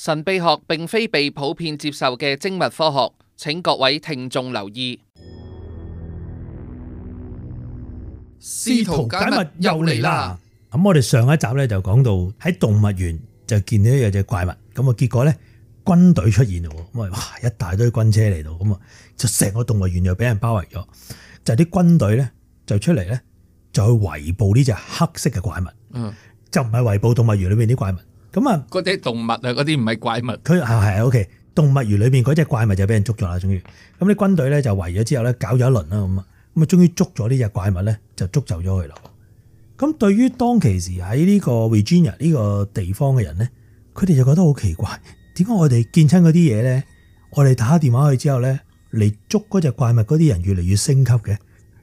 神秘學並非被普遍接受嘅精密科學，請各位聽眾留意。試圖解密又嚟啦！咁我哋上一集咧就講到喺動物園就見到有隻怪物，咁啊結果咧軍隊出現咯，哇一大堆軍車嚟到，咁啊就成個動物園又俾人包圍咗，就係啲軍隊咧就出嚟咧就去圍捕呢隻黑色嘅怪物，嗯，就唔係圍捕動物園裏邊啲怪物。咁啊，嗰啲動物啊，嗰啲唔係怪物，佢係係 OK，動物園裏邊嗰隻怪物就俾人捉咗啦，終於。咁啲軍隊咧就圍咗之後咧，搞咗一輪啦，咁啊，咁啊，終於捉咗呢隻怪物咧，就捉走咗佢啦。咁對於當其時喺呢個 Varginha 呢個地方嘅人咧，佢哋就覺得好奇怪，點解我哋見親嗰啲嘢咧，我哋打電話去之後咧，嚟捉嗰隻怪物嗰啲人越嚟越升級嘅，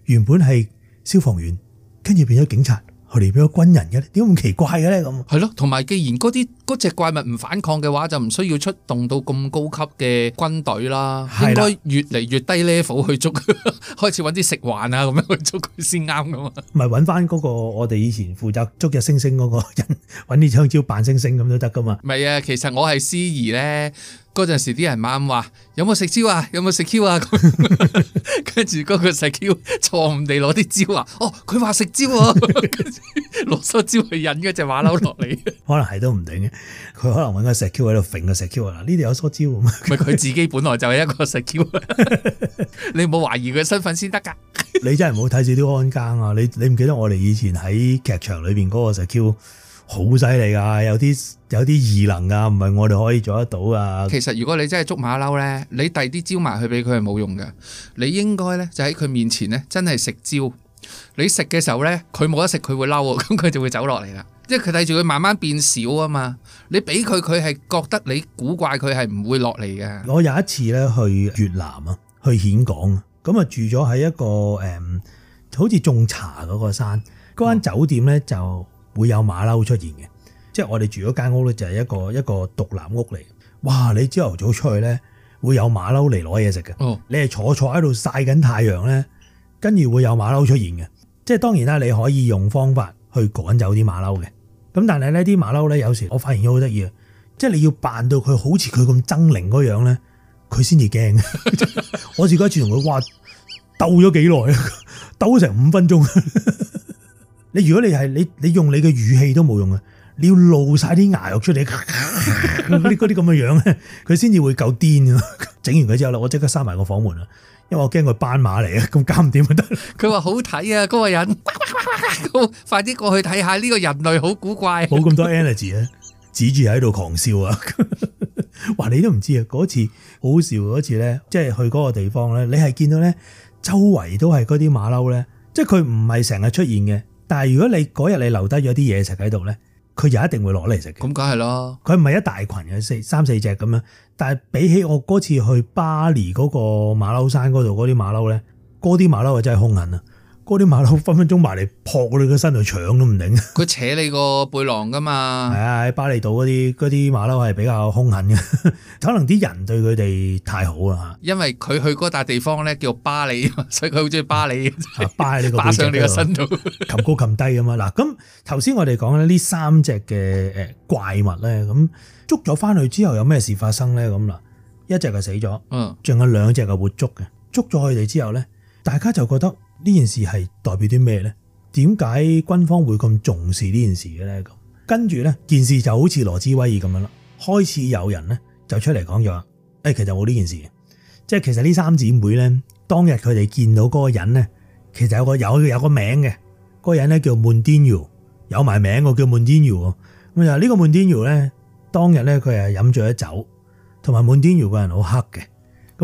原本係消防員，跟住變咗警察。嚟俾個軍人嘅咧，點解咁奇怪嘅咧？咁係咯，同埋既然嗰啲嗰隻怪物唔反抗嘅話，就唔需要出動到咁高級嘅軍隊啦。應該越嚟越低 level 去捉，開始揾啲食環啊咁樣去捉佢先啱噶嘛。唔係揾翻嗰個我哋以前負責捉隻猩猩嗰個人，揾啲香蕉扮猩猩咁都得噶嘛。唔係啊，其實我係司儀咧。嗰陣時啲人猛話：有冇食蕉啊？有冇食 Q 啊？跟住嗰個石 Q 錯誤地攞啲蕉啊！哦，佢話食蕉啊！攞梳蕉去引嗰隻馬騮落嚟，可能係都唔定嘅。佢可能搵個石 Q 喺度揈個石 Q 啊！呢度有梳蕉咁啊，咪佢自己本來就係一個石 Q 啊！你冇懷疑佢身份先得噶。你真係唔好睇少啲安更啊！你你唔記得我哋以前喺劇場裡邊嗰個石 Q 好犀利噶，有啲。有啲異能啊，唔係我哋可以做得到啊！其實如果你真係捉馬騮呢，你遞啲蕉埋去俾佢係冇用嘅。你應該呢，就喺佢面前呢，真係食蕉。你食嘅時候呢，佢冇得食，佢會嬲喎，咁佢就會走落嚟啦。即係佢睇住佢慢慢變少啊嘛。你俾佢，佢係覺得你古怪，佢係唔會落嚟嘅。我有一次呢，去越南啊，去峴港，咁啊住咗喺一個、嗯、好似種茶嗰個山嗰間酒店呢，就會有馬騮出現嘅。即係我哋住咗間屋咧，就係一個一個獨立屋嚟。哇！你朝頭早出去咧，會有馬騮嚟攞嘢食嘅。哦，你係坐坐喺度曬緊太陽咧，跟住會有馬騮出現嘅。即係當然啦，你可以用方法去趕走啲馬騮嘅。咁但係呢啲馬騮咧，有時我發現咗好得意啊。即係你要扮到佢好似佢咁猙獰嗰樣咧，佢先至驚。 我試過一次同佢哇鬥咗幾耐啊，鬥成五分鐘。 你如果你係你你用你嘅語氣都冇用啊。你要露晒啲牙肉出嚟，啲嗰啲咁嘅樣咧，佢先至會夠癲啊！整 完佢之後咧，我即刻閂埋個房門啦，因為我驚佢斑馬嚟啊，咁監點得。佢話好睇啊，嗰個人 快啲過去睇下呢個人類好古怪，冇咁多 energy 啊，指住喺度狂笑啊！ 哇，你都唔知啊，嗰次好笑嗰次咧，即係去嗰個地方咧，你係見到咧，周圍都係嗰啲馬騮咧，即係佢唔係成日出現嘅。但係如果你嗰日你留低咗啲嘢食喺度咧。佢就一定會攞嚟食嘅，咁梗係啦。佢唔係一大群，有四三四隻咁樣，但係比起我嗰次去巴黎嗰個馬騮山嗰度嗰啲馬騮咧，嗰啲馬騮係真係凶狠啊！嗰啲馬騮分分鐘埋嚟撲你個身度搶都唔定，佢扯你個背囊噶嘛？係啊，喺巴厘島嗰啲啲馬騮係比較凶狠嘅，可能啲人對佢哋太好啦，因為佢去嗰笪地方咧叫巴厘，所以佢好中意巴厘。巴呢個巴上你個身度，擒高擒低咁啊！嗱，咁頭先我哋講咧，呢三隻嘅誒怪物咧，咁捉咗翻去之後有咩事發生咧？咁嗱，一隻就死咗，嗯，仲有兩隻嘅活捉嘅，捉咗佢哋之後咧，大家就覺得。呢件事係代表啲咩咧？點解軍方會咁重視呢件事嘅咧？咁跟住咧，件事就好似羅斯威爾咁樣啦。開始有人咧就出嚟講咗，誒、哎，其實冇呢件事，即係其實呢三姊妹咧當日佢哋見到嗰個人咧，其實有個有有個名嘅，嗰、那個人咧叫 m o n d i g n 有埋名我叫 m o n d i g n 咁就呢、這個 m o n d i g n 咧，當日咧佢係飲咗一酒，同埋 m o n d i g n 個人好黑嘅。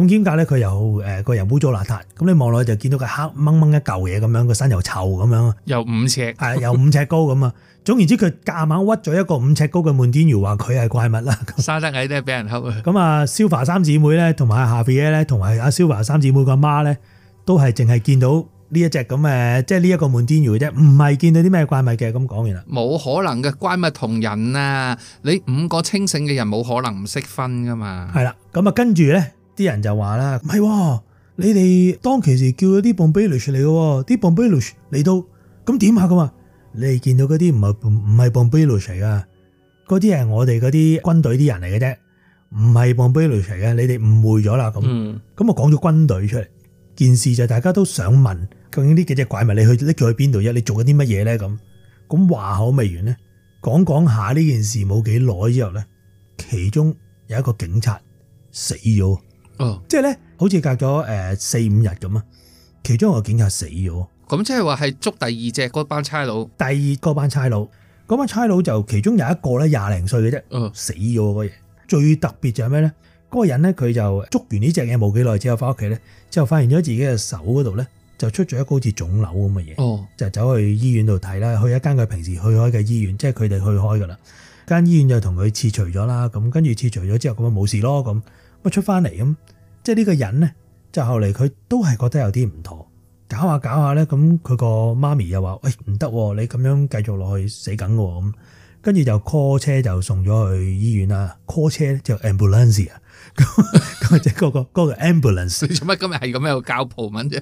點解咧？佢又誒，個人污糟邋遢，咁你望落去就見到佢黑掹掹一嚿嘢咁樣，個身又臭咁樣，又五尺係，又五尺高咁啊！總言之，佢夾硬屈咗一個五尺高嘅滿天搖，話佢係怪物啦。沙生蟻都係俾人恰啊！咁啊，Silva 三姊妹咧，同埋啊，Xavier 咧，同埋阿 Silva 三姊妹個媽咧，都係淨係見到呢一隻咁誒，即係呢一個滿天搖嘅啫，唔係見到啲咩怪物嘅。咁講完啦，冇可能嘅怪物同人啊！你五個清醒嘅人，冇可能唔識分噶嘛？係啦，咁啊，跟住咧。啲人就話啦，唔係喎，你哋當其時叫咗啲 bombaylouch 嚟嘅喎，啲 bombaylouch 嚟到，咁點下㗎嘛？你哋見到嗰啲唔係唔係 bombaylouch 嚟噶，嗰啲係我哋嗰啲軍隊啲人嚟嘅啫，唔係 bombaylouch 嘅，你哋誤會咗啦。咁咁、嗯、我講咗軍隊出嚟，件事就大家都想問，究竟呢幾隻怪物你去搦佢去邊度啫？你做緊啲乜嘢呢？咁咁話口未完呢，講講下呢件事冇幾耐之後咧，其中有一個警察死咗。即係咧，好似隔咗誒四五日咁啊，其中個警察死咗。咁即係話係捉第二隻嗰班差佬，第二嗰班差佬，嗰班差佬就其中有一個咧，廿零歲嘅啫，嗯，死咗嗰嘢。最特別就係咩咧？嗰個人咧，佢就捉完呢隻嘢冇幾耐之後，翻屋企咧，之後發現咗自己嘅手嗰度咧，就出咗一個好似腫瘤咁嘅嘢。哦，就走去醫院度睇啦，去一間佢平時去開嘅醫院，即係佢哋去開噶啦。間醫院就同佢切除咗啦，咁跟住切除咗之後就，咁啊冇事咯，咁咁出翻嚟咁。即係呢個人咧，就後嚟佢都係覺得有啲唔妥，搞下搞下咧，咁佢個媽咪又話：喂唔得，你咁樣繼續落去死梗嘅咁，跟住就 call 車就送咗去醫院啦。call 車咧就 ambulancy 啊，咁係嗰個嗰個 ambulance。 做乜今日係咁樣教葡文啫。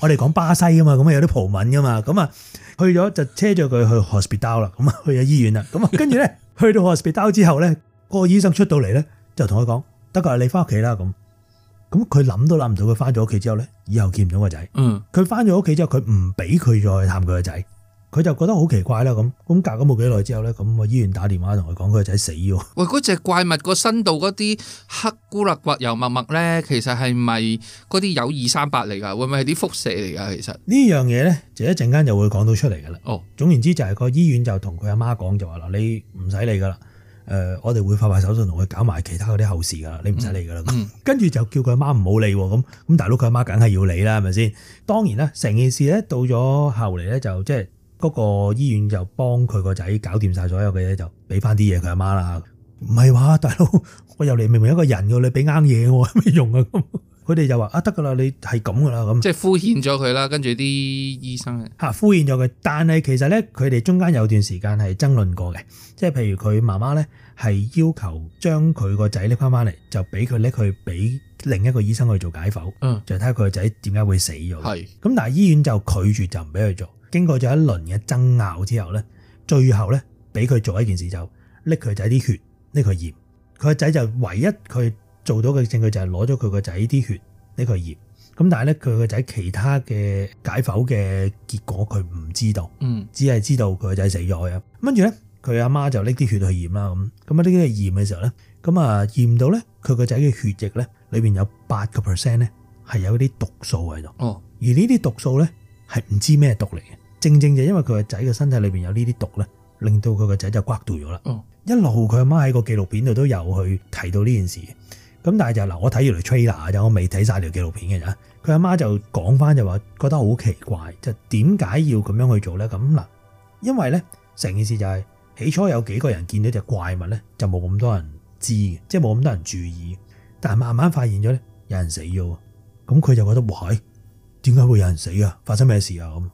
我哋講巴西啊嘛，咁啊有啲葡文噶嘛，咁啊去咗就車咗佢去 hospital 啦，咁啊去咗醫院啦，咁啊跟住咧去到 hospital 之後咧，個醫生出到嚟咧就同佢講：得個係你翻屋企啦咁。咁佢諗都諗唔到，佢翻咗屋企之後咧，以後見唔到個仔。嗯，佢翻咗屋企之後，佢唔俾佢再探佢個仔，佢就覺得好奇怪啦。咁咁隔咗冇幾耐之後咧，咁個醫院打電話同佢講，佢個仔死咗。喂，嗰隻怪物個身度嗰啲黑骨碌骨油默默咧，其實係咪嗰啲有二三八嚟噶？會唔會係啲輻射嚟噶？其實呢樣嘢咧，就一陣間就會講到出嚟噶啦。哦，總言之就係個醫院就同佢阿媽講，就話嗱，你唔使理噶啦。誒、呃，我哋會發拍手信同佢搞埋其他嗰啲後事噶啦，你唔使理噶啦。跟 住就叫佢阿媽唔好理喎。咁咁大佬佢阿媽梗係要理啦，係咪先？當然啦，成件事咧，到咗後嚟咧就即係嗰個醫院就幫佢個仔搞掂晒所有嘅嘢，就俾翻啲嘢佢阿媽啦。唔係話大佬，我又嚟明明一個人噶，你俾啱嘢我有咩用啊？ 佢哋就話，啊，得㗎啦，你係咁㗎啦咁。即係敷衍咗佢啦，跟住啲醫生嚇敷衍咗佢。但係其實咧，佢哋中間有段時間係爭論過嘅。即係譬如佢媽媽咧係要求將佢個仔拎翻翻嚟，就俾佢拎去俾另一個醫生去做解剖，嗯，就睇下佢個仔點解會死咗。咁是但係醫院就拒絕就唔俾佢做。經過咗一輪嘅爭拗之後咧，最後咧俾佢做一件事就拎佢仔啲血，拎佢驗。佢個仔就唯一佢。做到嘅證據就係攞咗佢個仔啲血呢個驗，咁但係咧佢個仔其他嘅解剖嘅結果佢唔知道，是知道嗯，只係知道佢個仔死咗嘅。咁跟住咧，佢阿媽就拎啲血去驗啦，咁咁啊啲嘅驗嘅時候咧，咁啊驗到咧佢個仔嘅血液咧裏邊有八個 percent 咧係有啲毒素喺度，哦，而呢啲毒素咧係唔知咩毒嚟嘅，正正就因為佢個仔嘅身體裏邊有呢啲毒咧，令到佢個仔就掛斷咗啦，哦，一路佢阿媽喺個紀錄片度都有去提到呢件事。咁但係就嗱，我睇完嚟 trailer 就，我未睇晒條紀錄片嘅咋。佢阿媽就講翻就話，覺得好奇怪，就點解要咁樣去做咧？咁嗱，因為咧成件事就係、是、起初有幾個人見到隻怪物咧，就冇咁多人知嘅，即係冇咁多人注意。但係慢慢發現咗咧，有人死咗，咁佢就覺得喂，點解會有人死啊？發生咩事啊？咁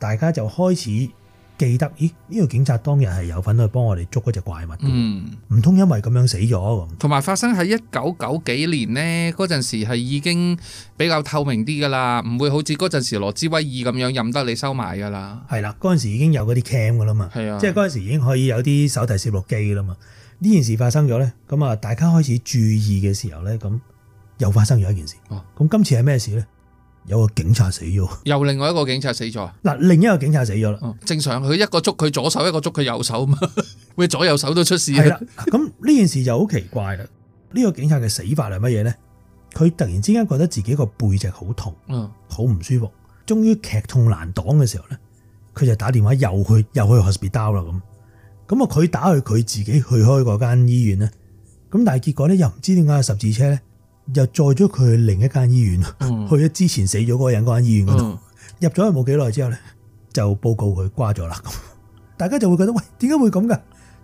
大家就開始。記得，咦？呢、這個警察當日係有份去幫我哋捉嗰隻怪物，嗯，唔通因為咁樣死咗？同埋發生喺一九九幾年呢？嗰陣時係已經比較透明啲噶啦，唔會好似嗰陣時羅斯威爾咁樣任得你收埋噶啦。係啦，嗰陣時已經有嗰啲 cam 噶啦嘛。係啊的，即係嗰陣時已經可以有啲手提攝錄機噶啦嘛。呢件事發生咗呢，咁啊大家開始注意嘅時候呢，咁又發生咗一件事。咁今、哦、次係咩事呢？有個警察死咗，又另外一個警察死咗，嗱，另一個警察死咗啦。正常，佢一個捉佢左手，一個捉佢右手嘛，會 左右手都出事。係啦，咁呢件事就好奇怪啦。呢 個警察嘅死法係乜嘢呢？佢突然之間覺得自己個背脊好痛，嗯，好唔舒服，終於劇痛難擋嘅時候呢，佢就打電話又去又去 hospital 啦咁。咁啊，佢打去佢自己去開嗰間醫院呢。咁但係結果呢，又唔知點解有十字車呢。又載咗佢去另一間醫院，嗯、去咗之前死咗嗰個人嗰間醫院嗰度，嗯、入咗去冇幾耐之後咧，就報告佢瓜咗啦。 大家就會覺得喂，點解會咁噶？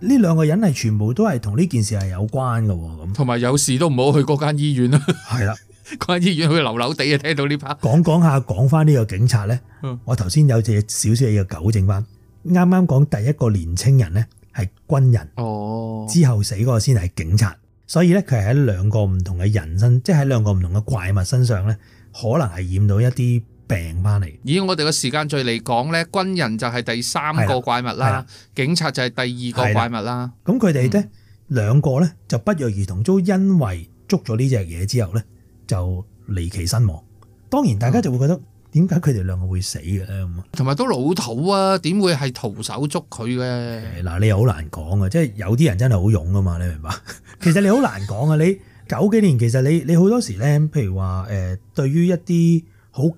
呢兩個人係全部都係同呢件事係有關㗎，咁同埋有事都唔好去嗰間醫院啦。係 啦了，嗰間醫院佢流流地啊，聽到呢 part。講講下，講翻呢個警察咧，嗯、我頭先有只少少嘢要糾正翻。啱啱講第一個年青人咧係軍人，哦、之後死嗰個先係警察。所以咧，佢係喺兩個唔同嘅人身，即係喺兩個唔同嘅怪物身上咧，可能係染到一啲病翻嚟。以我哋嘅時間序嚟講咧，軍人就係第三個怪物啦，了警察就係第二個怪物啦。咁佢哋咧，兩、嗯、個咧就不約而同都因為捉咗呢隻嘢之後咧，就離奇身亡。當然，大家就會覺得點解佢哋兩個會死嘅咁？同埋都老土啊，點會係徒手捉佢嘅？嗱，你又好難講啊！即係有啲人真係好勇㗎嘛，你明白？其實你好難講啊！你九幾年其實你你好多時咧，譬如話誒、呃，對於一啲好緊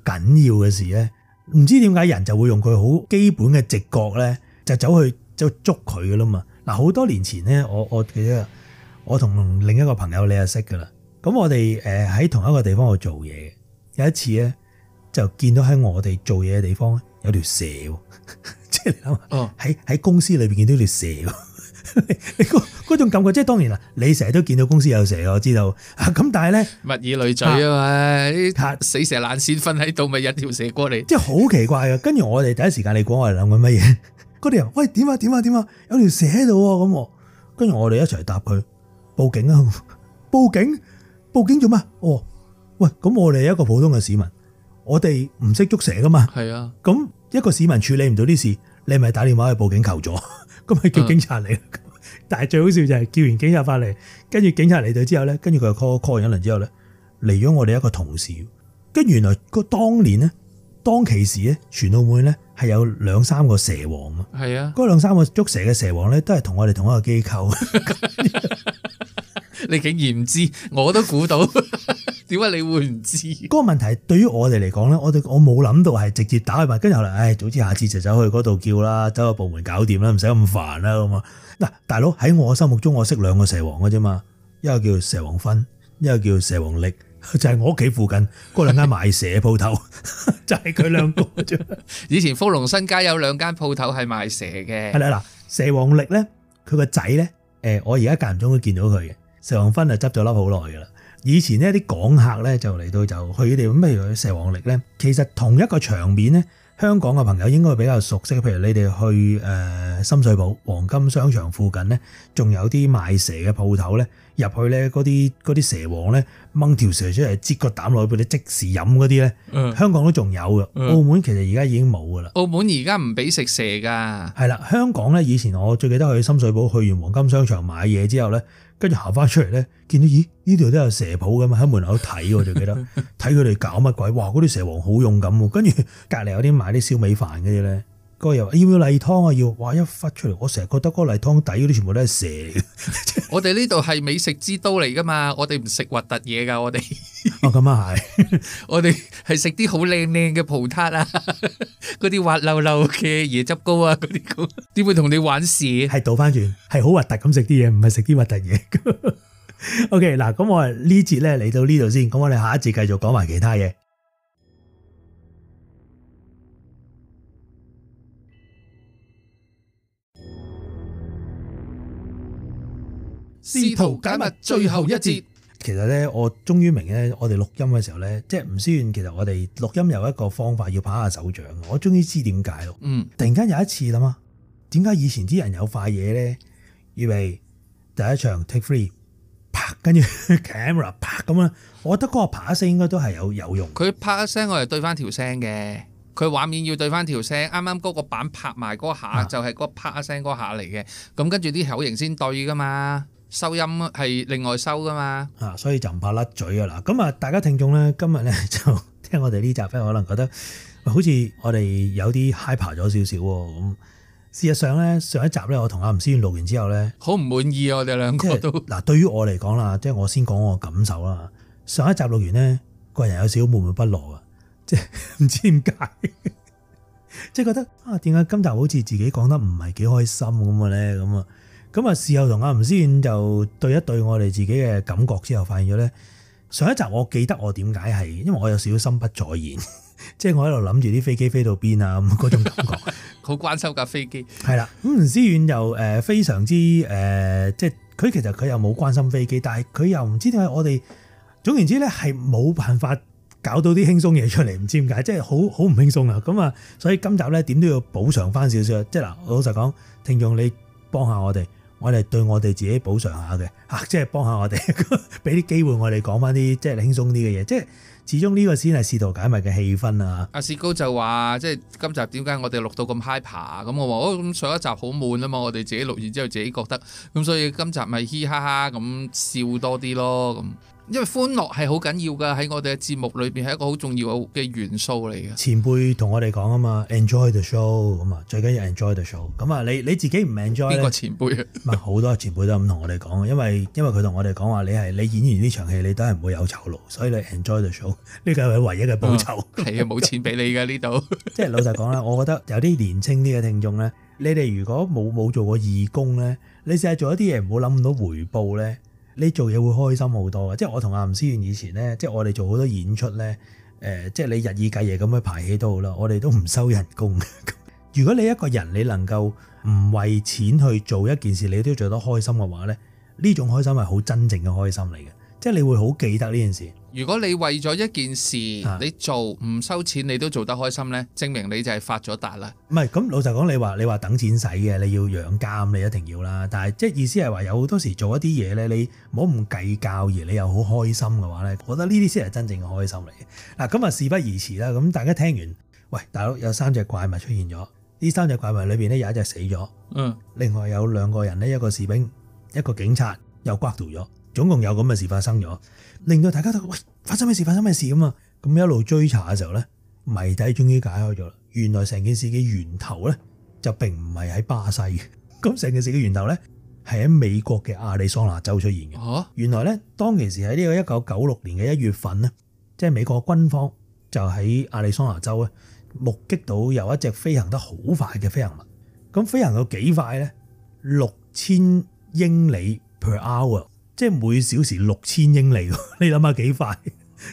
要嘅事咧，唔知點解人就會用佢好基本嘅直覺咧，就走去就捉佢噶啦嘛！嗱，好多年前咧，我我記得我同另一個朋友你就識噶啦，咁我哋誒喺同一個地方度做嘢，有一次咧就見到喺我哋做嘢嘅地方有條蛇，即係你諗下，喺喺公司裏邊見到條蛇， 嗰種感覺，即係當然啦，你成日都見到公司有蛇，我知道。咁但係咧，物以類聚啊嘛，啲死蛇爛鱔瞓喺度，咪有條蛇過嚟，即係好奇怪啊。跟住我哋第一時間，你講我哋諗緊乜嘢？嗰啲人喂，點啊點啊點啊，有條蛇喺度啊咁。跟住我哋一齊答佢，報警啊！報警，報警做咩？哦，喂，咁我哋一個普通嘅市民，我哋唔識捉蛇噶嘛？係啊。咁一個市民處理唔到啲事，你咪打電話去報警求助，咁咪叫警察嚟。但係最好笑就係叫完警察翻嚟，跟住警察嚟到之後咧，跟住佢 call call 完一輪之後咧，嚟咗我哋一個同事，跟原來當年咧，當其時咧，全澳門咧係有兩三個蛇王是啊。係啊，嗰兩三個捉蛇嘅蛇王咧，都係同我哋同一個機構。 你竟然唔知，我都估到，點解你會唔知？嗰個問題對於我哋嚟講咧，我我冇諗到係直接打去問，跟住後嚟，唉、哎，早知下次就走去嗰度叫啦，走去部門搞掂啦，唔使咁煩啦，咁啊。嗱，大佬喺我心目中，我識兩個蛇王嘅啫嘛，一個叫蛇王芬，一個叫蛇王力，就係、是、我屋企附近嗰兩間賣蛇嘅鋪頭， 就係佢兩個啫。 以前福隆新街有兩間鋪頭係賣蛇嘅。係啦，嗱，蛇王力咧，佢個仔咧，誒，我而家間唔中都見到佢嘅。蛇王芬啊，執咗笠好耐噶啦。以前呢啲港客咧就嚟到就去佢哋咩譬蛇王力咧，其實同一個場面咧。香港嘅朋友應該比較熟悉，譬如你哋去誒深水埗黃金商場附近咧，仲有啲賣蛇嘅鋪頭咧，入去咧，嗰啲嗰啲蛇王咧掹條蛇出嚟，擠個膽落去俾你即時飲嗰啲咧，香港都仲有嘅。澳門其實而家已經冇噶啦，澳門而家唔俾食蛇噶。係啦，香港咧以前我最記得去深水埗，去完黃金商場買嘢之後咧。跟住行翻出嚟咧，見到咦呢度都有蛇譜噶嘛，喺門口睇我就記得，睇佢哋搞乜鬼？哇！嗰啲蛇王好勇敢喎。跟住隔離有啲賣啲燒味飯嗰啲咧。個又話要唔要例湯啊？要，哇，一發出嚟，我成日覺得嗰個例湯底嗰啲全部都係蛇。我哋呢度係美食之都嚟噶嘛，我哋唔食核突嘢噶，我哋。哦，咁啊係，我哋係食啲好靚靚嘅葡撻啊，嗰啲滑溜溜嘅椰汁糕啊，嗰啲糕。點會同你玩蛇？係倒翻轉，係好核突咁食啲嘢，唔係食啲核突嘢。OK，嗱，咁我哋呢節咧嚟到呢度先，咁我哋下一節繼續講埋其他嘢。試圖解密最後一節，其實咧，我終於明咧，我哋錄音嘅時候咧，即係吳思遠。其實我哋錄音有一個方法，要拍一下手掌。我終於知點解咯。嗯，突然間有一次啦嘛，點解以前啲人有塊嘢咧？預備，第一場 take three 拍，跟住 camera 拍咁啊，我覺得嗰個，個，個拍一聲應該都係有有用。佢拍一聲，我哋對翻條聲嘅。佢畫面要對翻條聲，啱啱嗰個板拍埋嗰下就係嗰拍一聲嗰下嚟嘅。咁跟住啲口型先對噶嘛。收音係另外收噶嘛？啊，所以就唔怕甩嘴噶啦！咁啊，大家聽眾咧，今日咧就聽我哋呢集咧，可能覺得好似我哋有啲 hyper 咗少少咁。事實上咧，上一集咧，我同阿吳思遠錄完之後咧，好唔滿意啊！我哋兩個都嗱、就是，對於我嚟講啦，即係我先講我感受啦。上一集錄完呢，個人有少少悶悶不樂、就是、 啊，即係唔知點解，即係覺得啊，點解今集好似自己講得唔係幾開心咁嘅咧，咁啊。咁啊，事後同阿吳思遠就對一對我哋自己嘅感覺之後，發現咗咧，上一集我記得我點解係，因為我有少少心不 在焉，即係我喺度諗住啲飛機飛到邊啊，咁嗰種感覺，好 關心架飛機。係啦，咁吳思遠又誒非常之誒、呃，即係佢其實佢又冇關心飛機，但係佢又唔知點解我哋，總言之咧係冇辦法搞到啲輕鬆嘢出嚟，唔知點解，即係好好唔輕鬆啊！咁啊，所以今集咧點都要補償翻少少，即係嗱，老實講，聽眾你幫下我哋。我哋對我哋自己補償下嘅嚇、啊，即係幫下我哋，俾啲機會我哋講翻啲即係輕鬆啲嘅嘢，即係始終呢個先係試圖解密嘅氣氛啊！阿薛高就話，即係今集點解我哋錄到咁 high 咁？我話哦，咁上一集好悶啊嘛，我哋自己錄完之後自己覺得，咁所以今集咪嘻嘻哈哈咁笑多啲咯咁。因為歡樂係好緊要㗎，喺我哋嘅節目裏邊係一個好重要嘅元素嚟嘅。前輩同我哋講啊嘛，enjoy the show 咁啊，最緊要 enjoy the show。咁啊，你你自己唔 enjoy 呢？邊個前輩？唔係好多前輩都咁同我哋講，因為因為佢同我哋講話，你係你演完呢場戲，你都係唔會有酬勞，所以你 enjoy the show 呢個係唯一嘅報酬。係啊、哦，冇錢俾你㗎呢度。 即係老實講啦，我覺得有啲年輕啲嘅聽眾咧，你哋如果冇冇做過義工咧，你試下做一啲嘢，唔好諗咁多回報咧。你做嘢會開心好多嘅，即係我同阿吳思遠以前呢，即係我哋做好多演出呢，呃，即係你日以繼夜咁去排戲都好啦，我哋都唔收人工呵呵。如果你一個人你能夠唔為錢去做一件事，你都要做得開心嘅話呢，呢種開心係好真正嘅開心嚟嘅，即係你會好記得呢件事。如果你為咗一件事、啊、你做唔收錢你都做得開心呢，證明你就係發咗達啦。唔係咁，老實講，你話你話等錢使嘅，你要養家你一定要啦。但係即係意思係話有好多時做一啲嘢呢，你唔好咁計較而你又好開心嘅話呢，我覺得呢啲先係真正嘅開心嚟嘅。嗱咁啊，事不宜遲啦，咁大家聽完，喂，大佬有三隻怪物出現咗，呢三隻怪物裏邊呢，有一隻死咗，嗯，另外有兩個人呢，一個士兵、一個警察又割掉咗，總共有咁嘅事發生咗。令到大家都喂，發生咩事，發生咩事咁啊！咁一路追查嘅時候咧，謎底終於解開咗啦。原來成件事嘅源頭咧，就並唔係喺巴西嘅。咁成件事嘅源頭咧，係喺美國嘅亞利桑那州出現嘅。嚇、啊！原來咧，當其時喺呢個一九九六年嘅一月份咧，即係美國軍方就喺亞利桑那州咧目擊到有一隻飛行得好快嘅飛行物。咁飛行到幾快咧？六千英里 per hour。即係每小時六千英里，你諗下幾快？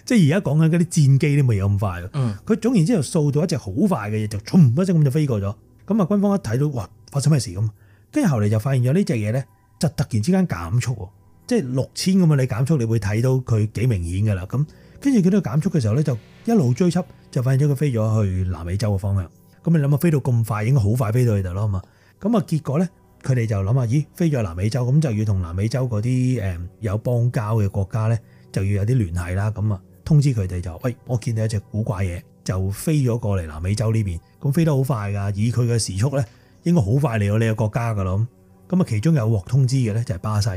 即係而家講緊嗰啲戰機都冇咁快。佢總然之就掃到一隻好快嘅嘢，就沖一聲咁就飛過咗。咁啊，軍方一睇到，哇，發生咩事咁？跟住後嚟就發現咗呢隻嘢咧，就突然之間減速，即係六千咁啊！你減速，你會睇到佢幾明顯噶啦。咁跟住佢到減速嘅時候咧，就一路追緝，就發現咗佢飛咗去南美洲嘅方向。咁你諗下，飛到咁快，應該好快飛到去度咯嘛。咁啊，結果咧？佢哋就諗下，咦？飛咗去南美洲，咁就要同南美洲嗰啲誒有邦交嘅國家咧，就要有啲聯繫啦。咁啊，通知佢哋就，喂，我見到一隻古怪嘢，就飛咗過嚟南美洲呢邊。咁飛得好快㗎，以佢嘅時速咧，應該好快嚟到呢個國家㗎咯。咁咁啊，其中有獲通知嘅咧就係、是、巴西。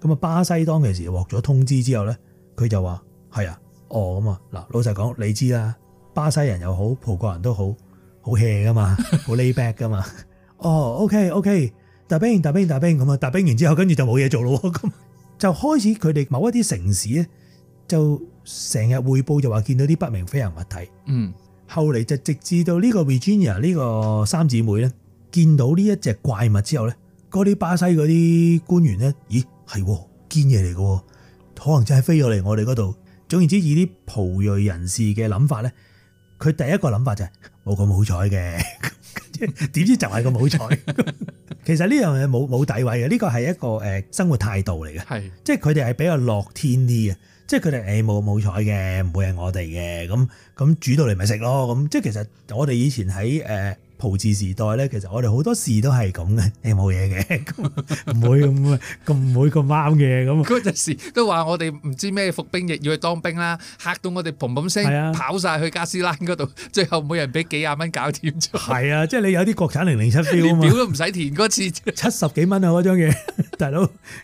咁啊，巴西當其時獲咗通知之後咧，佢就話：係啊，哦咁啊，嗱，老實講，你知啦，巴西人又好，葡國人都好好 hea 㗎嘛，好 layback 㗎嘛。哦，OK，OK。大兵、大兵、大兵咁啊！大兵完之後，跟住就冇嘢做咯。咁就開始佢哋某一啲城市咧，就成日匯報就話見到啲不明飛行物體。嗯，後嚟就直至到呢個 Varginha 呢個三姊妹咧，見到呢一隻怪物之後咧，嗰啲巴西嗰啲官員咧，咦，係堅嘢嚟嘅，可能真係飛咗嚟我哋嗰度。總言之，以啲葡裔人士嘅諗法咧，佢第一個諗法就係冇咁好彩嘅。點知就係咁好彩。 其實呢樣嘢冇冇底位嘅，呢個係一個誒生活態度嚟嘅，是的 即係佢哋係比較樂天啲嘅，即係佢哋誒冇冇彩嘅，唔會係我哋嘅，咁咁煮到嚟咪食咯。咁即係其實我哋以前喺誒。呃淘治時代咧，其實我哋好多時都係咁嘅，係冇嘢嘅，唔會咁，唔會咁啱嘅，咁嗰陣時都話、欸、 我哋唔知咩服兵役要去當兵啦，嚇到我哋嘭嘭聲跑晒去加斯蘭嗰度，的最後每人俾幾廿蚊搞掂咗。係啊，即係你有啲國產零零七表啊嘛，表都唔使填嗰次，七十幾蚊啊嗰張嘢，大佬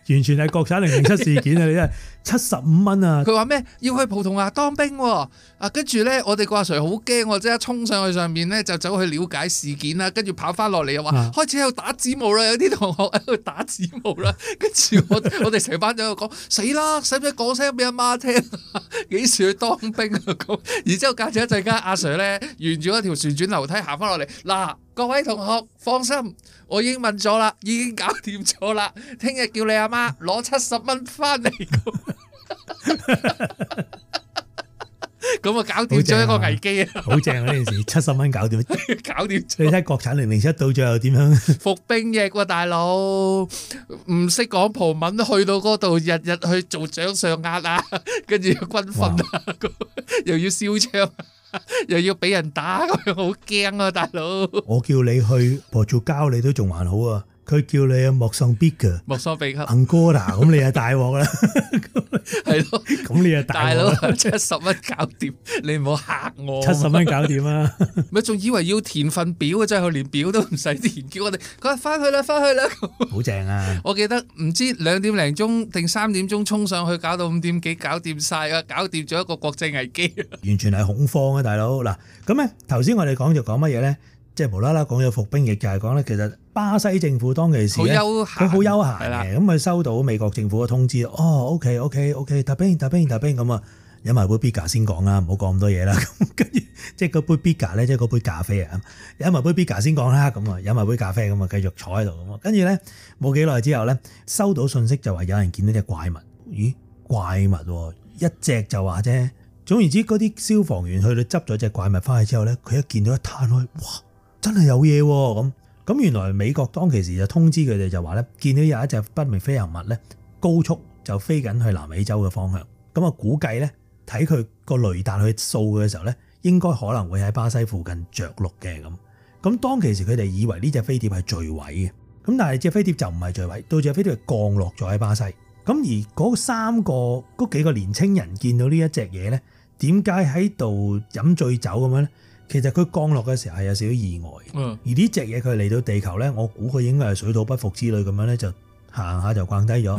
完全係國產零零七事件 真啊！你係七十五蚊啊！佢話咩要去葡萄牙當兵喎、啊？啊，跟住咧我哋個阿 Sir 好驚，我即刻衝上去上面咧就走去了解事件啦，跟住跑翻落嚟又話，啊、開始喺度打指模啦，有啲同學喺度打指模啦，跟住我我哋成班喺度講，死啦， 使唔使講聲俾阿媽、媽聽？幾時去當兵啊？講，然之後隔住一陣間，阿 Sir 咧沿住一條旋轉樓梯行翻落嚟，嗱， 各位同學放心，我已經問咗啦，已經搞掂咗啦，聽日叫你阿媽攞七十蚊翻嚟。 咁啊，搞掂咗一個危機啊！好正啊，呢件事七十蚊搞掂， 搞掂了。你睇國產零零七到最後點樣？服 兵役喎，啊，大佬，唔識講葡文，去到嗰度日日去做掌上壓啊，跟住要軍訓啊，Wow, 啊，又要燒槍，又要俾人打，好驚啊，大佬！我叫你去婆做膠，你都仲還好啊。佢叫你莫桑比克，莫桑比克，安哥拉啦，咁 你啊大鑊啦，係咯，咁你啊大，大佬七十蚊搞掂，你唔好吓我，七十蚊搞掂啦，咪仲以為要填份表啊？真係 連表都唔使填，叫我哋，佢話翻去啦，翻去啦，好正啊！ 我記得唔知兩點零鐘定三點鐘衝上去搞搞，搞到五點幾搞掂晒啊，搞掂咗一個國際危機，完全係恐慌啊！大佬嗱，咁咧頭先我哋講就講乜嘢咧？即係無啦啦講咗服兵役就係講咧，其實巴西政府當其時咧，佢好悠閒嘅，咁咪的收到美國政府嘅通知，哦，OK OK OK，大兵大兵大兵咁啊，飲埋杯 b i g 比格先講啦，唔好講咁多嘢啦。咁跟住即係嗰杯比格咧，即係嗰杯咖啡啊，飲埋杯 b i g 比格先講啦。咁啊，飲埋杯咖啡咁啊，繼續坐喺度。咁跟住咧冇幾耐之後咧，收到信息就話有人見到隻怪物。咦？怪物喎，一隻就話啫。總言之，嗰啲消防員去到執咗隻怪物返去之後咧，佢一見到一攤開，哇！真係有嘢喎！咁咁，原來美國當其時就通知佢哋就話咧，見到有一隻不明飛行物咧，高速就飛緊去南美洲嘅方向。咁啊，估計咧睇佢個雷達去掃佢嘅時候咧，應該可能會喺巴西附近着陸嘅。咁咁，當其時佢哋以為呢隻飛碟係墜毀嘅。咁但係隻飛碟就唔係墜毀，對住飛碟降落咗喺巴西。咁而嗰三個嗰幾個年青人見到呢一隻嘢咧，點解喺度飲醉酒咁樣咧？其實佢降落嘅時候係有少少意外，而呢隻嘢佢嚟到地球咧，我估佢應該係水土不服之類咁樣咧，就行下就掛低咗。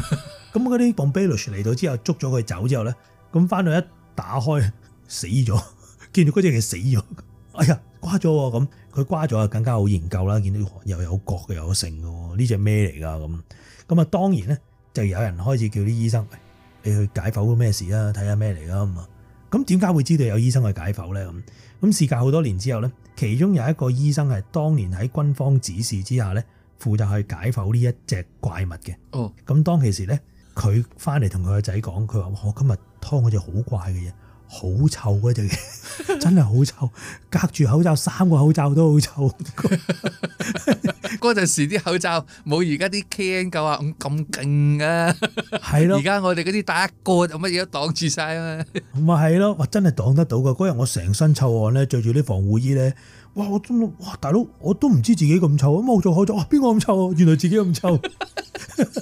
咁嗰啲 bombeiros 嚟到之後捉咗佢走之後咧，咁翻到一打開死咗，見到嗰隻嘢死咗，哎呀瓜咗喎！咁佢瓜咗啊，呱呱就更加好研究啦，見到又有角嘅又有剩嘅，呢隻咩嚟㗎咁？咁啊當然咧就有人開始叫啲醫生，你去解剖咩事啊？睇下咩嚟㗎嘛？咁點解會知道有醫生去解剖呢？咁咁事隔好多年之後呢，其中有一個醫生係當年喺軍方指示之下呢，負責去解剖呢一隻怪物嘅。哦，咁當其時呢，佢翻嚟同佢個仔講，佢話我今日劏嗰隻好怪嘅嘢。好臭嘅，真係好臭，隔住口罩三個口罩都好臭。嗰陣 時啲口罩冇而家啲 KN 夠啊咁勁啊係咯。而家我哋嗰啲戴一個就乜嘢都擋住晒啊嘛。咪係咯，哇，真係擋得到嘅。嗰日我成身臭汗咧，着住啲防護衣咧，哇，我哇，大佬，我都唔知自己咁臭啊。咁我做口罩，邊個咁臭啊原來自己咁臭。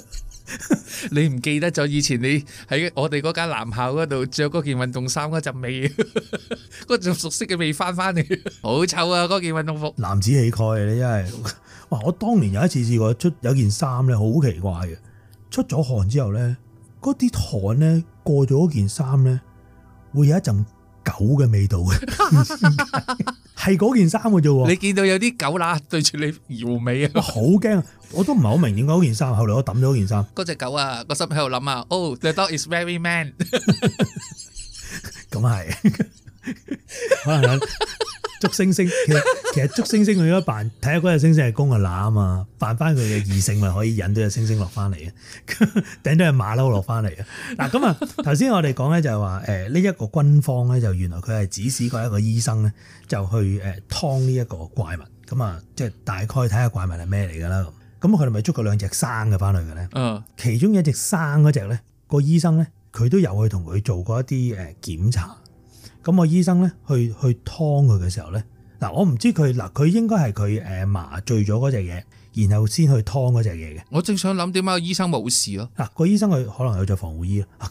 你唔記得咗以前你喺我哋嗰間男校嗰度着嗰件運動衫嗰陣味，嗰種熟悉嘅味翻翻嚟，好臭啊！嗰件運動服，男子氣概啊！你真係哇！我當年有一次試過出有件衫咧，好奇怪嘅，出咗汗之後咧，嗰啲汗咧過咗件衫咧，會有一陣狗嘅味道嘅。 係嗰件衫嘅啫喎，你見到有啲狗乸對住你搖尾啊！好驚啊，我都唔係好明點解嗰件衫，後嚟我抌咗嗰件衫。嗰隻狗啊，個心喺度諗啊，Oh，the dog is very man。咁係。可能。捉猩猩，其實其實捉猩猩佢而家扮睇下嗰隻猩猩係公係乸啊嘛，扮翻佢嘅異性咪可以引到隻猩猩落翻嚟嘅， 頂到隻馬騮落翻嚟嘅。嗱咁啊，頭先我哋講咧就係話誒呢一個軍方咧就原來佢係指使過一個醫生咧就去誒劏呢一個怪物，咁啊即係大概睇下怪物係咩嚟㗎啦咁。咁佢哋咪捉過兩隻生嘅翻嚟嘅咧，其中一隻生嗰隻咧，個醫生咧佢都有去同佢做過一啲誒檢查。咁個醫生咧去去劏佢嘅時候咧，嗱我唔知佢嗱佢應該係佢麻醉咗嗰隻嘢，然後先去劏嗰隻嘢嘅。我正想諗點解個醫生冇事咯。嗱個醫生佢可能有着防護衣、啊、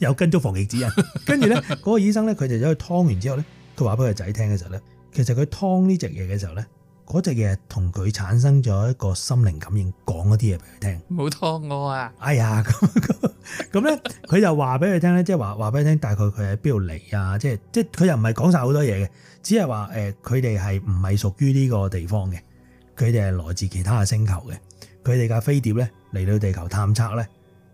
有跟足防疫指引。跟住咧，嗰、嗰個醫生咧佢就走去劏完之後咧，佢話俾個仔聽嘅時候咧，其實佢劏呢隻嘢嘅時候咧。嗰隻嘢同佢產生咗一個心靈感應，講一啲嘢俾佢聽。冇拖我啊！哎呀，咁咁咧，佢、那個、 就話俾佢聽咧，即係話話俾佢聽大概佢喺邊度嚟啊！即係即係佢又唔係講晒好多嘢嘅，只係話誒佢哋係唔係屬於呢個地方嘅？佢哋係來自其他嘅星球嘅。佢哋架飛碟咧嚟到地球探測咧，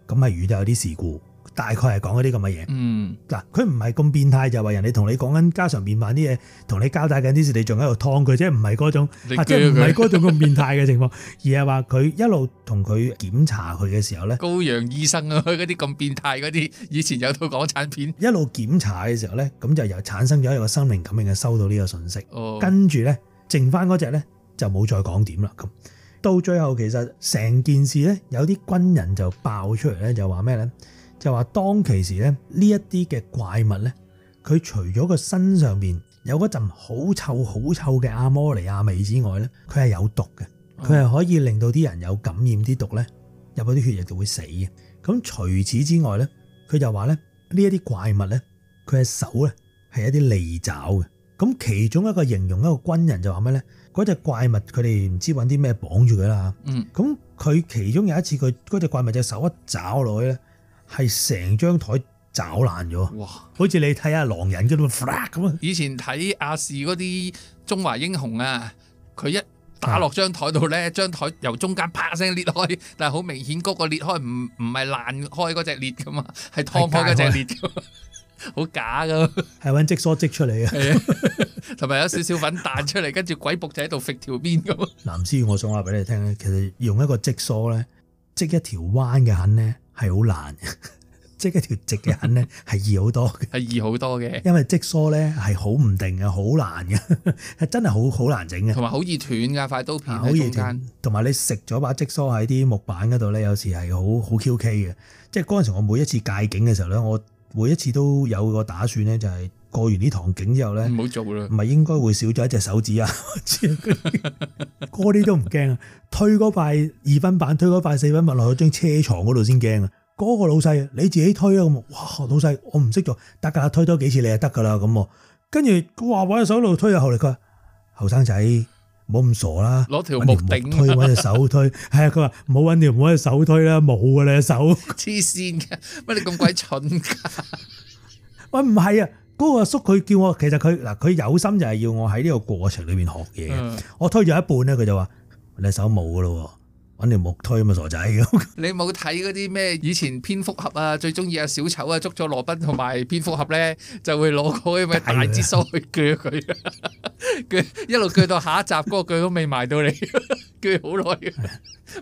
咁咪遇到有啲事故。大概係講嗰啲咁嘅嘢。嗯，嗱，佢唔係咁變態，就係話人哋同你講緊家常便飯啲嘢，同你交代緊啲事，你仲喺度㓥佢即係，唔係嗰種，啊、或者唔係嗰種咁變態嘅情況， 而係話佢一路同佢檢查佢嘅時候咧，高陽醫生啊，嗰啲咁變態嗰啲，以前有套港產片，一路檢查嘅時候咧，咁就又產生咗一個心靈感應嘅收到呢個信息，哦、跟住咧，剩翻嗰隻咧就冇再講點啦。咁到最後其實成件事咧，有啲軍人就爆出嚟咧，就話咩咧？就話當其時咧，呢一啲嘅怪物咧，佢除咗個身上邊有嗰陣好臭好臭嘅阿摩尼亞味之外咧，佢係有毒嘅，佢係可以令到啲人有感染啲毒咧，入啲血液就會死嘅。咁除此之外咧，佢就話咧呢一啲怪物咧，佢嘅手咧係一啲利爪嘅。咁其中一個形容一個軍人就話咩咧？嗰隻怪物佢哋唔知搵啲咩綁住佢啦。嗯。咁佢其中有一次佢嗰隻怪物隻手一爪落去咧。係成張台找爛咗，爛哇！好似你睇下狼人咁啊，咁啊！以前睇亞視嗰啲中華英雄啊，佢一打落張台度咧，張台由中間啪聲裂開，但係好明顯嗰個裂開唔唔係爛開嗰隻裂噶嘛，係湯開嗰隻裂，好假噶，係搵積梳積出嚟啊，同埋有少少粉彈出嚟，跟住鬼僕就喺度搣條邊咁。藍師，我想話俾你聽咧，其實用一個積梳咧，積一條彎嘅痕咧。係好難的，即係條直引咧係易好多的，嘅 係易好多嘅。因為積梳咧係好唔定嘅，好難嘅，係真係好好難整嘅，同埋好易斷嘅塊刀片，好易斷。同埋你食咗把積梳喺啲木板嗰度咧，有時係好好 QK 嘅。即係嗰陣時我每一次界頸嘅時候咧，我每一次都有一個打算咧，就係、是。過完呢堂景之後咧，唔好做啦，唔係應該會少咗一隻手指啊！嗰 啲都唔驚啊，推嗰塊二分板，推嗰塊四分板落去張車床嗰度先驚啊！嗰、嗰個老細你自己推啦、啊，咁哇老細我唔識做，得噶，推多幾次你就得噶啦咁啊！跟住佢話揾隻手度推啊，後嚟佢話後生仔冇咁傻啦，攞條木頂、啊、推揾隻手推，係 啊佢話唔好揾條冇隻手推啦，冇噶你隻手黐線噶，乜你咁鬼蠢噶？喂唔係啊！ 嗰阿叔佢叫我，其實佢，嗱，佢有心就係要我喺呢個過程裏面學嘢，嗯、我推咗一半咧，佢就話你手冇噶咯喎，揾條木推嘛傻仔咁。 你冇睇嗰啲咩以前蝙蝠俠啊，最中意阿小丑啊，捉咗羅賓同埋蝙蝠俠咧，就會攞個咩大支梳去鋸佢，佢 一路鋸到下一集嗰、嗰個鋸都未埋到你。 要好耐嘅，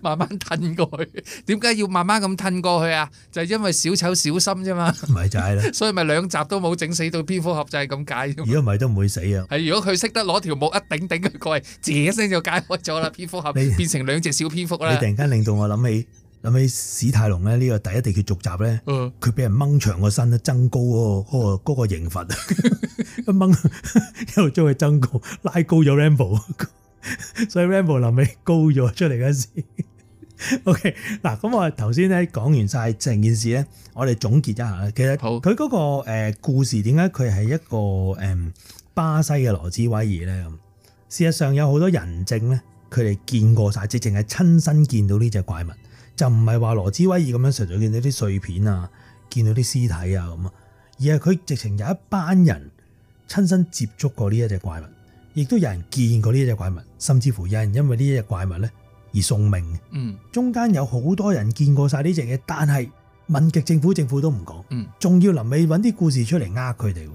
慢慢褪過去。點解要慢慢咁褪過去啊？就係因為小丑小心啫嘛。咪就係咯，所以咪兩集都冇整死到蝙蝠俠就係咁解。如果唔係都唔會死啊。係如果佢識得攞條木一頂頂佢過嚟，啫一聲就解開咗啦，蝙蝠俠變成兩隻小蝙蝠啦。你突然間令到我諗起諗起史泰龍咧呢個第一滴血續集咧，佢俾人掹長個身咧，增高嗰個嗰個嗰個刑罰，一掹一路將佢增高拉高咗 Rambo。所以 Rambo 臨尾高咗出嚟嗰時，OK 嗱，咁我頭先咧講完晒成件事咧，我哋總結一下。其實佢嗰個誒故事點解佢係一個誒、嗯、巴西嘅羅茲威爾咧？咁事實上有好多人證咧，佢哋見過晒，直情係親身見到呢隻怪物，就唔係話羅茲威爾咁樣，純粹見到啲碎片啊，見到啲屍體啊咁啊，而係佢直情有一班人親身接觸過呢一隻怪物。亦都有人見過呢隻怪物，甚至乎有人因為呢隻怪物咧而送命。嗯，中間有好多人見過晒呢隻嘢，但係問極政府政府都唔講。嗯，仲要臨尾揾啲故事出嚟呃佢哋。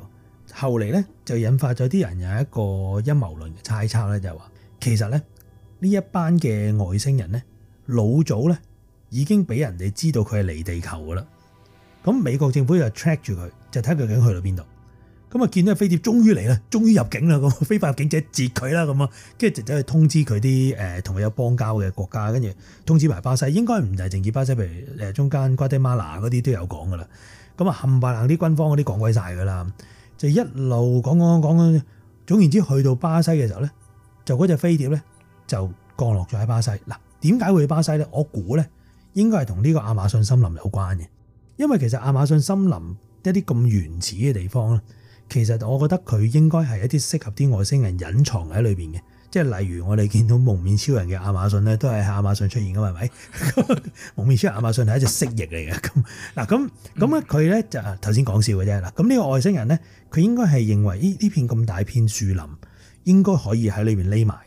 後嚟呢，就引發咗啲人有一個陰謀論嘅猜測呢就係、是、話其實呢，呢一班嘅外星人呢，老早呢已經俾人哋知道佢係離地球噶啦。咁美國政府就 track 住佢，就睇佢究竟去到邊度。咁啊！見到飛碟終於嚟啦，終於入境啦！咁非法入境者截佢啦，咁啊！跟住直接去通知佢啲誒同佢有邦交嘅國家，跟住通知埋巴西，應該唔就係淨係巴西，譬如誒中間瓜地馬拉嗰啲都有講噶啦。咁啊，冚唪唥啲軍方嗰啲講鬼晒噶啦，就一路講講講講，總言之去到巴西嘅時候咧，就嗰隻飛碟咧就降落咗喺巴西。嗱，點解會去巴西咧？我估咧應該係同呢個亞馬遜森林有關嘅，因為其實亞馬遜森林一啲咁原始嘅地方咧。其實我覺得佢應該係一啲適合啲外星人隱藏喺裏邊嘅，即係例如我哋見到幪面超人嘅亞馬遜咧，都係亞馬遜出現嘅，係咪？ 幪面超人亞馬遜係一隻蜥蜴嚟嘅，咁嗱，咁咁咧佢咧就頭先講笑嘅啫，嗱，咁呢個外星人咧，佢應該係認為呢呢片咁大片樹林應該可以喺裏邊匿埋。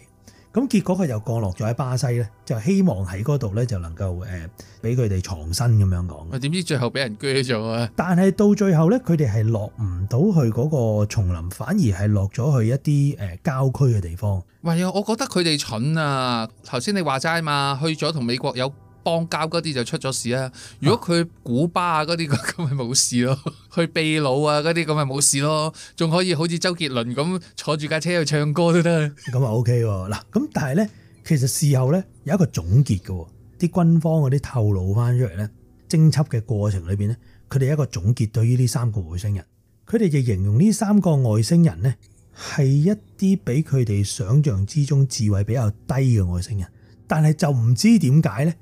咁結果佢就降落咗喺巴西呢，就希望喺嗰度呢，就能夠誒俾佢哋藏身咁樣講。啊，點知最後俾人鋸咗啊！但係到最後呢，佢哋係落唔到去嗰個叢林，反而係落咗去一啲誒、呃、郊區嘅地方。係啊，我覺得佢哋蠢啊！頭先你話齋嘛，去咗同美國有。邦交嗰啲就出咗事啊！如果佢古巴那些沒事啊嗰啲咁，咪冇事咯；去秘魯啊嗰啲咁，咪冇事咯。仲可以好似周杰倫咁坐住架車去唱歌都得。咁啊 OK 喎，嗱咁但係咧，其實事後咧有一個總結嘅，啲軍方嗰啲透露翻出嚟咧，偵緝嘅過程裏邊咧，佢哋一個總結，對於呢三個外星人，佢哋就形容呢三個外星人咧係一啲比佢哋想象之中智慧比較低嘅外星人，但係就唔知點解咧。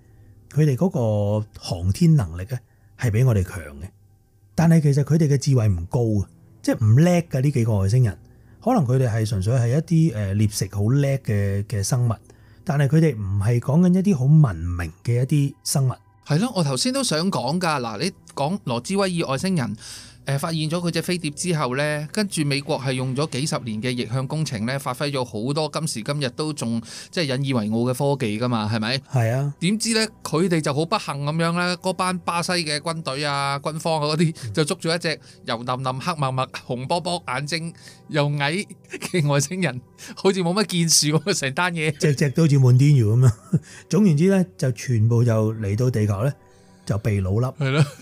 佢哋嗰個航天能力咧，係比我哋強嘅。但係其實佢哋嘅智慧唔高嘅，即係唔叻嘅呢幾個外星人，可能佢哋係純粹係一啲誒獵食好叻嘅嘅生物，但係佢哋唔係講緊一啲好文明嘅一啲生物。係咯，我頭先都想講㗎，嗱，你講羅斯威爾外星人。誒發現咗佢隻飛碟之後呢，跟住美國係用咗幾十年嘅逆向工程呢，發揮咗好多今時今日都仲即係引以為傲嘅科技噶嘛，係咪？係啊。點知呢？佢哋就好不幸咁樣咧，嗰班巴西嘅軍隊啊、軍方啊嗰啲，就捉咗一隻又腍腍黑墨墨紅波波眼睛又矮嘅外星人，好似冇乜見識，成單嘢隻隻都好似滿天兒咁樣。總言之呢，就全部就嚟到地球呢。就被老笠，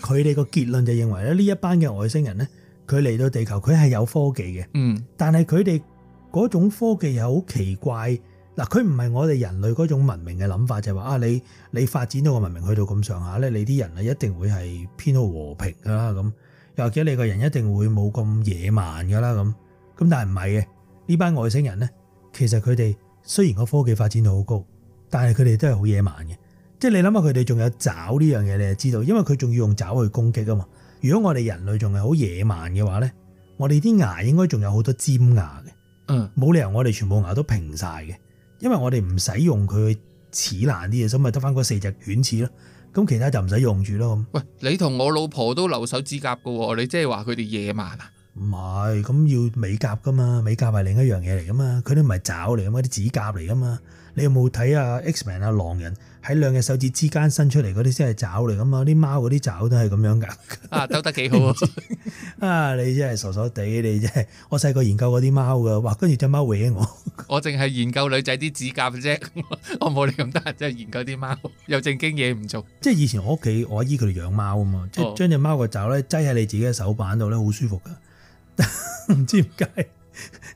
佢哋個結論就認為咧，呢一班嘅外星人呢，佢嚟到地球，佢係有科技嘅，嗯，但係佢哋嗰種科技又好奇怪，嗱，佢唔係我哋人類嗰種文明嘅諗法，就係話啊，你你發展到個文明去到咁上下呢，你啲人啊一定會係偏好和平噶啦，咁又或者你個人一定會冇咁野蠻噶啦，咁咁但係唔係嘅，呢班外星人呢，其實佢哋雖然個科技發展到好高，但係佢哋都係好野蠻嘅。即係你諗下，佢哋仲有爪呢樣嘢，你就知道，因為佢仲要用爪去攻擊啊嘛。如果我哋人類仲係好野蠻嘅話咧，我哋啲牙應該仲有好多尖牙嘅，嗯，冇理由我哋全部牙都平晒嘅，因為我哋唔使用佢齒難啲嘅，所以咪得翻嗰四隻犬齒咯。咁其他就唔使用住咯。咁喂，你同我老婆都留手指甲噶，你即係話佢哋野蠻啊？唔係咁要美甲噶嘛，美甲係另一樣嘢嚟噶嘛。佢哋唔係爪嚟啊嘛，啲指甲嚟噶嘛。你有冇睇啊？Xman 啊，狼人。喺兩隻手指之間伸出嚟嗰啲先係爪嚟咁嘛。啲貓嗰啲爪都係咁樣噶。啊，兜得幾好啊！啊，你真係傻傻地，你真係。我細個研究嗰啲貓噶，哇！跟住隻貓搲我。我淨係研究女仔啲指甲啫，我冇你咁得閒，即係研究啲貓有正經嘢唔做。即係以前我屋企我阿姨佢哋養貓啊嘛，哦、即係將隻貓嘅爪咧擠喺你自己嘅手板度咧，好舒服噶。唔知點解，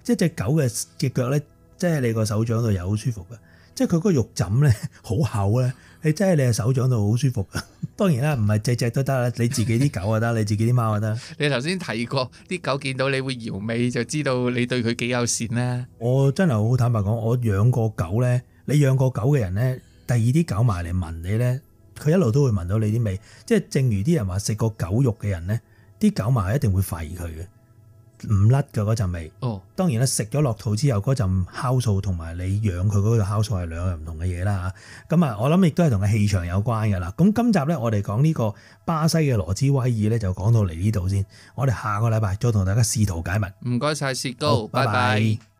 即係隻狗嘅隻腳咧，擠喺你個手掌度又好舒服噶。即係佢嗰個肉枕咧，好厚咧，你真係你喺手掌度好舒服。當然啦，唔係只只都得啦，你自己啲狗就得， 你自己啲貓就得。你頭先提過，啲狗見到你會搖尾，就知道你對佢幾友善啦，啊。我真係好坦白講，我養過狗咧，你養過狗嘅人咧，第二啲狗埋嚟聞你咧，佢一路都會聞到你啲味。即係正如啲人話食過狗肉嘅人咧，啲狗埋一定會吠佢嘅。唔甩嘅嗰陣味，哦，當然啦，食咗落肚之後嗰陣酵素同埋你養佢嗰個酵素係兩樣唔同嘅嘢啦吓，咁啊我諗亦都係同個氣場有關㗎啦。咁今集咧我哋講呢個巴西嘅羅茲威爾咧就講到嚟呢度先，我哋下個禮拜再同大家試圖解密。唔該晒，雪糕，拜拜。